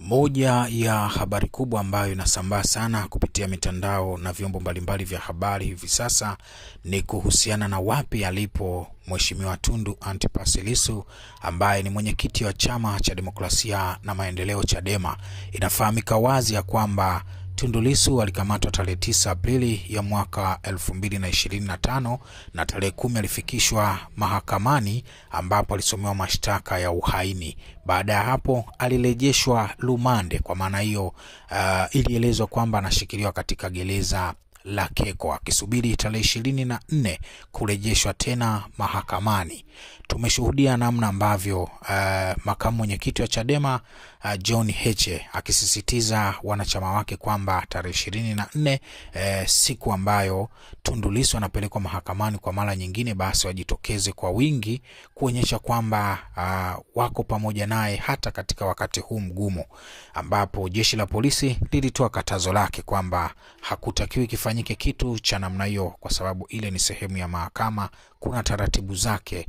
Moja ya habari kubwa ambayo inasambaa sana kupitia mitandao na vyombo mbalimbali vya habari hivi sasa ni kuhusiana na wapi alipo Mheshimiwa Tundu Antipas Lissu ambaye ni mwenyekiti wa Chama cha Demokrasia na Maendeleo, Chadema. Inafahamika wazi ya kwamba Tundu Lissu alikamatwa tarehe 9 Aprili ya mwaka 2025 na tarehe kumi alifikishwa mahakamani ambapo alisomewa mashtaka ya uhaini. Baada ya hapo alirejeshwa rumande. Kwa maana hiyo, uh, ilielezwa kwamba anashikiliwa katika gereza la Keko akisubiri tarehe ishirini na nne kurejeshwa tena mahakamani. Tumeshuhudia namna ambavyo uh, makamu mwenyekiti wa Chadema Uh, John Heche akisisitiza wanachama wake kwamba tarehe ishirini na nne eh, siku ambayo Tundu Lissu anapelekwa mahakamani kwa mara nyingine, basi wajitokeze kwa wingi kuonyesha kwamba uh, wako pamoja naye hata katika wakati huu mgumu, ambapo jeshi la polisi lilitoa katazo lake kwamba hakutakiwi kifanyike kitu cha namna hiyo, kwa sababu ile ni sehemu ya mahakama, kuna taratibu zake.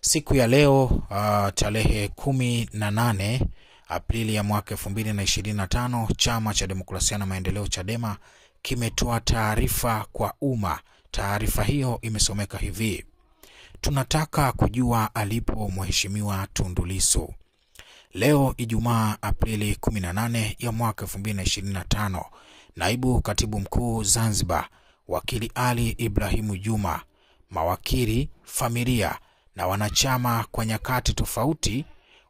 Siku ya leo uh, tarehe kumi na nane Aprili ya mwaka 2025, Chama cha Demokrasia na Maendeleo Chadema kimetoa taarifa kwa umma. Taarifa hiyo imesomeka hivi: tunataka kujua alipo mheshimiwa Tundu Lissu. Leo Ijumaa Aprili 18 ya mwaka 2025, naibu katibu mkuu Zanzibar wakili Ali Ibrahimu Juma, mawakili, familia na wanachama kwa nyakati tofauti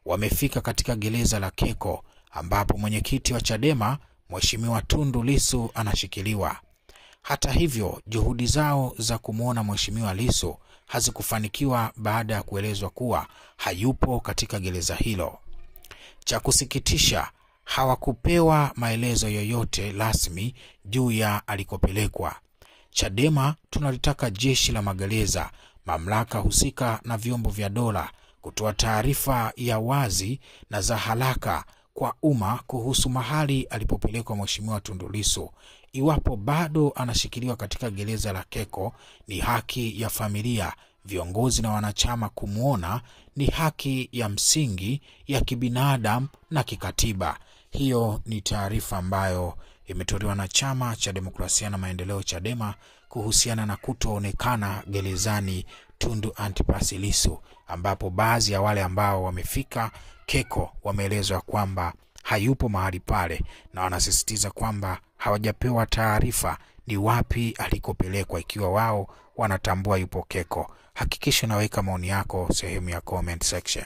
wamefika katika gereza la Keko ambapo mwenyekiti wa Chadema Mheshimiwa Tundu Lisu anashikiliwa. Hata hivyo, juhudi zao za kumwona Mheshimiwa Lisu hazikufanikiwa baada ya kuelezwa kuwa hayupo katika gereza hilo. Cha kusikitisha, hawakupewa maelezo yoyote rasmi juu ya alikopelekwa. Chadema tunalitaka jeshi la magereza, mamlaka husika na vyombo vya dola kutoa taarifa ya wazi na za haraka kwa umma kuhusu mahali alipopelekwa Mheshimiwa Tundu Lissu iwapo bado anashikiliwa katika gereza la Keko. Ni haki ya familia, viongozi na wanachama kumwona, ni haki ya msingi ya kibinadamu na kikatiba. Hiyo ni taarifa ambayo imetolewa na Chama cha Demokrasia na Maendeleo, CHADEMA, kuhusiana na kutoonekana gerezani Tundu Antipas Lissu, ambapo baadhi ya wale ambao wamefika Keko wameelezwa kwamba hayupo mahali pale na wanasisitiza kwamba hawajapewa taarifa ni wapi alikopelekwa ikiwa wao wanatambua yupo Keko. Hakikisha unaweka maoni yako sehemu ya comment section.